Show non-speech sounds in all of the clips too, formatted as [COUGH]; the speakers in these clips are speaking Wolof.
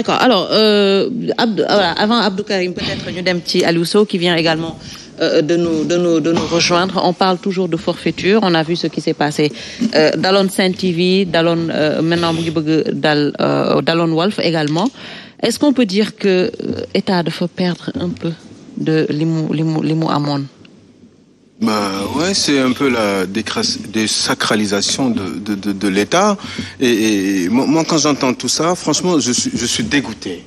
D'accord alors euh, Abdou euh, voilà, avant Abdou Karim peut-être ñu dem ci Aliou Sow qui vient également euh, de nous de nous de nous rejoindre on parle toujours de forfaiture on a vu ce qui s'est passé euh, daloon Sen TV daloon euh, maintenant mu ngi bëgg dal euh, daloon Walf également est-ce qu'on peut dire que État dafa perdre un peu de li mu li mu li mu amoon ma ouais, c'est un peu la désacralisation de, de, de, de l'État. Et, et, moi, quand j'entends tout ça, franchement, je suis, je suis dégoûté.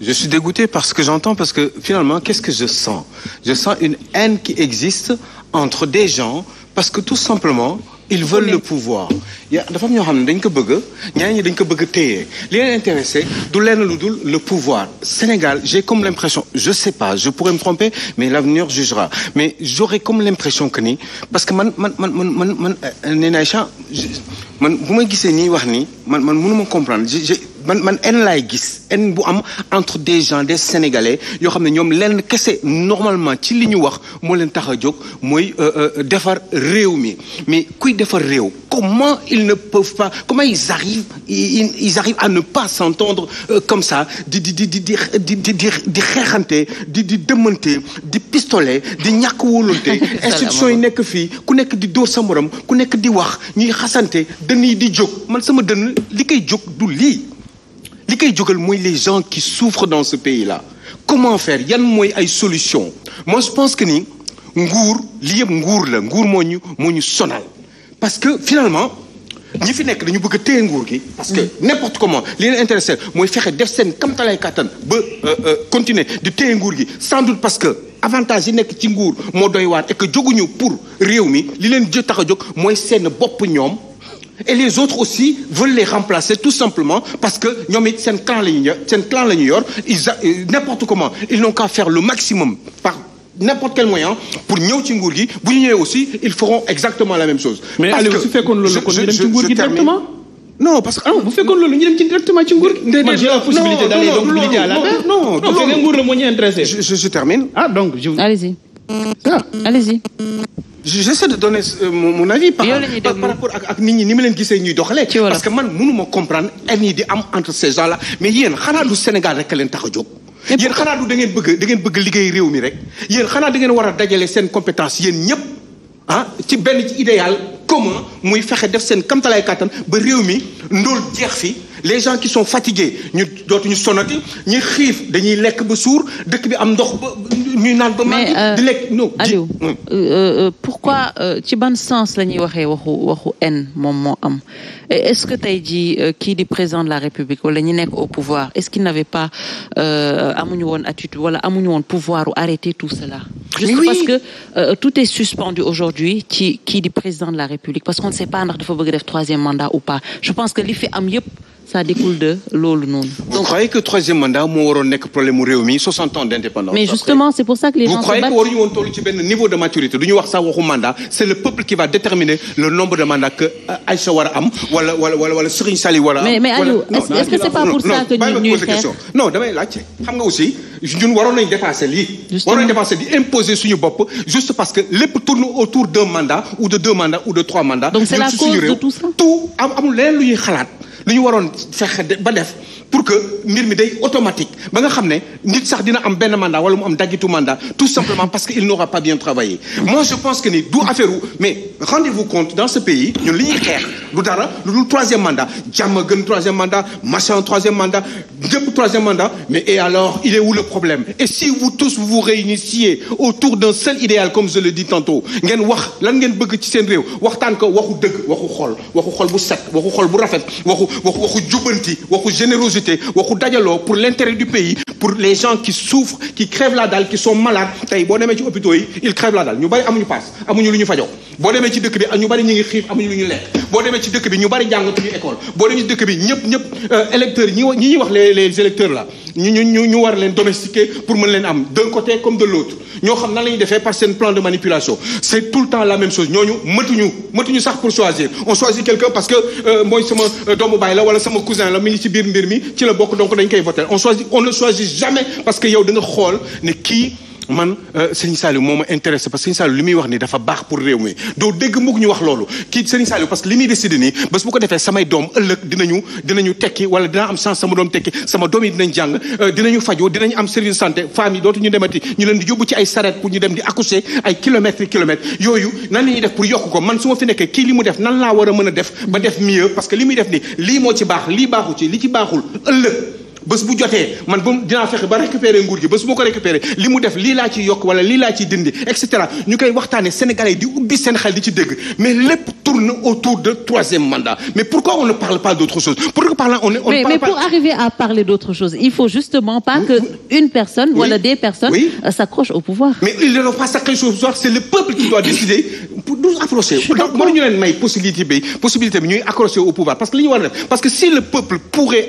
Je suis dégoûté que j'entends, parce que finalement, qu'est-ce que je sens Je une haine qui existe entre des gens, parce que tout simplement, ils veulent le pouvoir ya dafa am ñoo xam ne dañ ko bëgg ñaari ñi dañ ko bëgg téye li leen intéressé le pouvoir Sénégal j'ai comme l'impression je sais pas je pourrais me tromper mais l'avenir jugera mais j'aurais comme l'impression que ni parce que man man man man man man euh, nee naa man bu ma gisee nii wax ni man man mënuma comprendre je man man en laay gis en bu am entre des gens des sénégalais yoo xam ne ñoom lenn kese normalement ci li ñu wax moo leen tax a jóg mooy euh, euh, defar réew mi mais kuy defar réew comment ils ne peuvent pas comment ils arrivent ils arrivent à ne pas s'entendre euh, comme ça di di di di di di di di xeexante di di dëmmante di pistolet di ñàkk wóolante [LAUGHS] institution yi nekk fii ku nekk di door sa morom ku nekk di wax ñuy xasante dënn yi di jóg man sama dënn li koy jóg du lii li koy jógal mooy les gens qui souffrent dans ce pays là comment faire yan mooy ay solution mooy je que ni nguur li nguur la nguur moo ñu moo ñu sonal parce que finalement ñi fi nekk dañu bëgg a téye nguur gi parce que mm. n'importe comment li leen intéressé mooy fexe def seen kamtalay kàttan ba euh, euh, continuer di téye nguur gi sans doute parce que avantage yi nekk ci nguur moo doy waar et jóguñu pour réew mi li leen jë tax a jóg mooy seen bopp ñoom et les autres aussi veulent les remplacer tout simplement parce que ñoom it seen clan la ñu seen clan la ñu yor ils euh, n'importe comment ils n'ont qu'à faire le maximum par n'importe quel moyen pour ñëw ci nguur gi bu ñu aussi ils feront exactement la même chose. parce que su fekkoon loolu kon ñu dem ci nguur gi directement. non parce que ah bu fekkoon loolu ñu dem ci directement ci nguur gi. déedéet j'ai la possibilité d'aller donc militer à la terre. non non nguur la moo ñu intéressé. je je termine. ah donc j'essaie de donner euh, mon ak ak nit ñi ni leen gisee ñuy doxalee parce que man mënuma comprendre ennui di am entre ces gens là mais yéen xanaa du Sénégal rek leen tax a jóg yéen xanaa du da ngeen bëgg da ngeen bëgg liggéey réew mi rek yéen xanaa da ngeen war a dajale seen compétence yéen ñépp ah ci benn ci idéal commun muy fexe def seen kamtalaay kàttan ba réew mi ndool jeex fi les gens qui sont fatigués ñu dootuñu sonati ñu xiif dañuy lekk ba suur dëkk bi am ndox ba ñuy naan ba màndi euh, di lekk non Aliou euh, euh, pourquoi ci ban sens la ñuy waxee wax waxu haine moom moo am est-ce que tey jii kii di président de la République wala ñi nekk au pouvoir est-ce qu'il n'avait pas amuñu woon attitude wala amuñu woon pouvoir u arrêter tout cela juste oui. parce que euh, tout est suspendu aujourd'hui ci kii di président de la République parce qu'on ne sait pas ndax dafa bëgg def troisième mandat ou pas pense que li fi am yëpp ça découle de loolu noonu. vous croyez que troisième mandat moo waroon nekk problème mu réew ans d'indépendance. mais justement c'est pour ça que les gens. vous croyez que waruñu woon toll de maturité du ñu wax sax waxu mandat de mandats que Aïcha war a am wala wala wala Sali war a am. mais mais Aliou est-ce que c'est pas pour ça que ñun ñuy xeex non damay laajte xam nga aussi ñun waroon nañu dépasser lii. justement waroon nañu dépasser juste parce que lépp tourne autour d'un mandat ou lu ñu waroon fexe ba def pour que mbir mi day automatique ba nga xam ne nit sax dina am benn mandat wala mu am daggitu mandat tout simplement parce que il n'aura pas bien travaillé moi je pense que ni du affaire wu mais rendez-vous compte dans ce pays ñun li ñuy xeex du dara lu dul troisième mandat jàmm gën troisième mandat machin troisième mandat jëpp troisième mandat mais et alors il est où le problème et si vous tous vous vous réunissiez autour d'un seul ngeen wax lan ngeen bëgg ci seen réew waxtaan ko waxu dëgg waxu xol waxu xol bu set bu rafet waxu waxu jubbanti waxu générosité waxu dajaloo pour l'intérêt du pays pour les gens qui souffrent qui crèvent la dalle qui sont malades tey boo demee ci hôpitaux yi ils crèvent la dalle ñu bari amuñu paas amuñu lu ñu fajoo boo demee ci dëkk bi ñu bari ñu ngi xiif amuñu lu ñu lekk boo demee ci dëkk bi ñu bari jàngatuñu école boo demee ci dëkk bi ñëpp ñëpp euh, électeurs ñi ñi ñuy wax les les électeurs ñu ñu ñu war leen domestiquer pour mën leen am d'un côté comme de l'autre ñoo xam nan la ñuy defee par seen plan de manipulation c'est tout le temps la même chose ñooñu mëtuñu mëtuñu sax pour choisir on choisit quelqu'un parce que euh, mooy sama euh, doomu baay la wala sama cousin la mi ngi ci biir mbir mi ci la bokk donc dañ koy voter on choisit on ne choisit jamais parce que man euh, sëñ Saliou moo ma intéressé parce que li muy wax nii dafa baax pour réew mi doo dégg mukk ñu wax loolu kii sëñ Saliou parce que li muy décidé nii bés bu ko defee samay doom ëllëg dinañu dinañu wala dinaa am chance sama doom tekki sama doom dinañ jàng euh, dinañu fajoo dinañu am service santé femmes yi dootu ñu demati ñu leen di yóbbu ci ay ñu dem di accoucher ay kilomètres kilomètres yooyu nan la ñuy def ko man su ma nekkee kii li mu nan laa war a mën a def ba def mieux parce que li muy def ni lii moo ci baax lii baaxu ci li ci baaxul ëllëg bés bu jotee man ba dinaa fexe ba récupérer nguur gi bés ko récupérer li mu def lii laa ci yokk wala lii ci dindi et cetera ñu koy waxtaanee sénégalais di ubbi seen ci dégg mais lépp tourne autour de troisième mandat mais pourquoi on ne parle pas d'autre chose pourquoi ne parle pas... d'autre chose il faut justement pas que une personne oui. des personnes euh, s'accrochent au pouvoir mais ils ne doivent pas s'accrocher au pouvoir c'est le peuple qui doit décider pour a def parce que si le peuple pourrait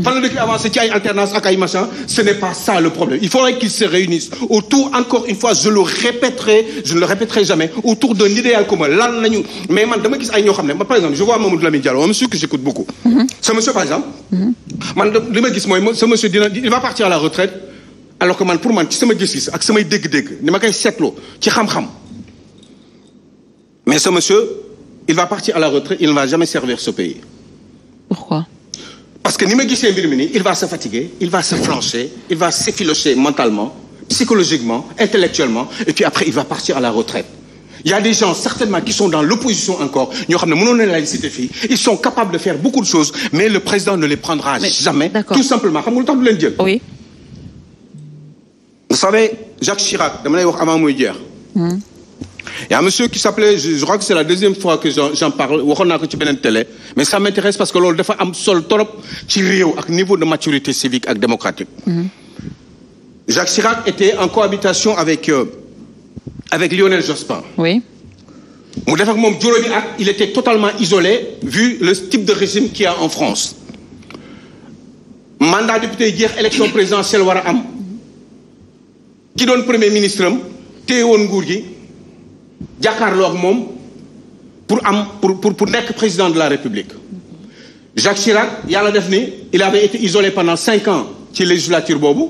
fan la dëkk avancé ci ay alternance ak ay machin ce n'est pas ça le problème il faudrait qu'ils se réunissent autour encore une fois je le répéterai je ne le répéterai jamais autour d'un idéal commun lan nañu mais man dama gis ay ñoo xam ne par exemple je vois Mamadou Lamine Diallo un monsieur que j'écoute beaucoup mmh. ce monsieur par exemple mmh. man li ma gis mooy ce monsieur dina il va partir à la retraite alors que man pour man ci sama gis-gis ak samay dégg-dégg ni ma koy seetloo ci xam-xam mais ce monsieur il va partir à la retraite il ne va jamais servir ce pays pourquoi parce que ni ma gisee mbir mi nii il va se fatiguer il va se flancher il va s'effilocher mentalement psychologiquement intellectuellement et puis après il va partir à la retraite il y a des gens certainement qui sont dans l'opposition encore ñoo xam ne mënoon nañ la cité fii ils sont capables de faire beaucoup de choses mais le président ne les prendra jamais tout simplement xam nga lu tax du dama lay wax avant muy jeex hmm. y a un monsieur qui s'appelait je crois que c'est la deuxième fois que j'en parle waxoon naa ko ci beneen télé mais ça m'intéresse parce que loolu dafa am sol trop ci réew ak niveau de maturité civique ak démocratique mm-hmm. Jacques Chirac était en cohabitation avec euh, avec Lionel Jospin oui mu def moom juróomi at il était totalement isolé vu le type de régime qu'il y a en France mandat député yi élection présidentielle war a am ki doon premier ministre am téye gi jàkkaarloo moom pour am pour pour pour nekk président la république Jacques Chirac yàlla def ni il avait été isolé pendant cinq ans ci législature boobu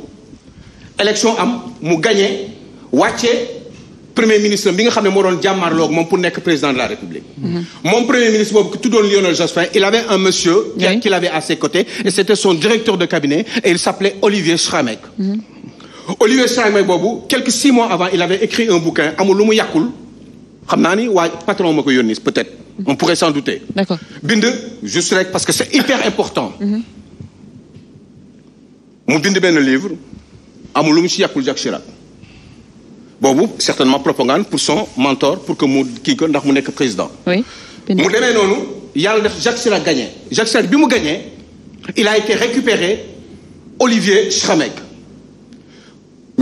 élection am mu gagné wàccee premier ministre bi nga xam ne moo doon jàmmaarloo ak moom pour nekk président de la république mhm. moom premier ministre boobu tuddoon Lionel Jospin il avait un monsieur qu'il avait à ses côtés et c'était son directeur de cabinet et il s'appelait Olivier Schramek mhm. Olivier quelques six mois avant il avait écrit un bouquin amul lu mu yàqul xam naa ni waa patron ma ko yónni peut-être mhm. on pourrait s'en douter d'accord bind juste rek parce que c'est hyper important mhm. mu bind benn livre amul lu mu si yàqul Jacques Chirac boobu certainement propagande pour son mentor pour que mu kii ko ndax mu nekk président oui mu demee noonu yàlla def Jacques Chirac gagné Jacques Chirac bi mu gagné il a été récupéré Olivier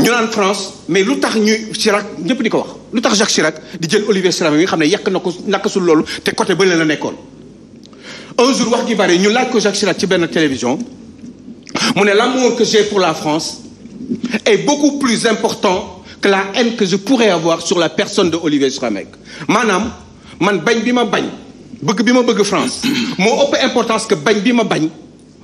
ñu naan France mais lu tax ñu Chirac ñëpp di ko wax lu tax Jacques Chirac di jël Olivier Séran mi nga xam ne yàq na ko nakkasul loolu te côté ba la nekkoon. un jour wax ji bari ñu laaj ko Jacques Chirac ci benn télévision mu ne l'amour que j'ai pour la France est beaucoup plus important que la haine que je pourrais avoir sur la personne de Olivier Séran maanaam man bañ bi ma bañ bëgg bi ma bëgg France moo ëpp importance que bañ bi ma bañ.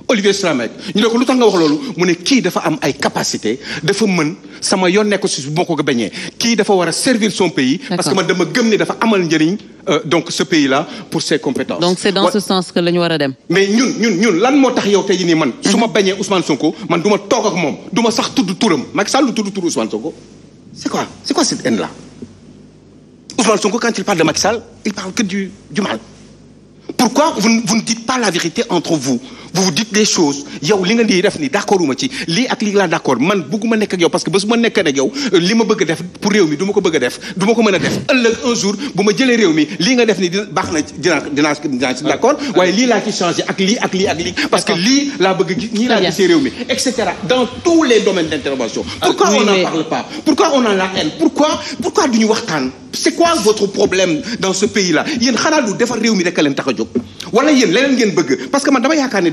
Olivier Slamek ñu ne ko lu tax nga wax loolu mu ne kii dafa am ay capacité dafa mën sama yoon nekk si moo ko bañee kii dafa war a servir son pays. parce que man dama gëm ni dafa amal njariñ euh, donc ce pays là pour ses compétences. donc c'est dans ce sens que la ñu war a dem. mais ñun ñun ñun lan moo tax yow tey nii man. su mhm. ma bañee Ousmane Sonko man du ma toog ak moom du ma sax tudd turam Macky Sall lu tudd turu Ousmane Sonko. c'est quoi c'est quoi cette haine là Ousmane Sonko quand il parle de Macky Sall il parle que du du mal. pourquoi vous vous ne vous vous dites des choses yow li nga lii def ni d'accorduma ci lii ak lii laa d'accord man bëgguma nekk yow parce que bés bu ma nekkee ak yow euh, li ma bëgg a def pour réew mi du ko bëgg a def du ko mën a def ëllëg un jour bu ma jëlee réew mi lii nga def ni baax na dinaa dinaa dinaa ci d'accord waaye lii laa ci changé ak lii ak lii parce que lii laa bëgg gis ñii laa gisee réew mi et dans tous les domaines d'intervention euh, pourquoi on a la haine pourquoi pourquoi duñu waxtaan c'est quoi votre problème a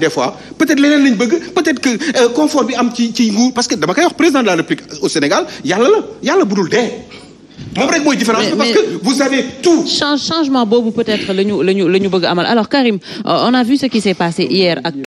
des fois peut-être leneen lañ bëgg peut-être que euh, confort bi am ci ci nguur parce que dama koy wax de la République euh, au Sénégal yàlla la yàlla budul dee. moom rek mooy différence parce que vous avez tout. changement boobu peut-être la ñu la ñu la ñu bëgg amal alors Karim euh, on a vu ce qui s'est passé hier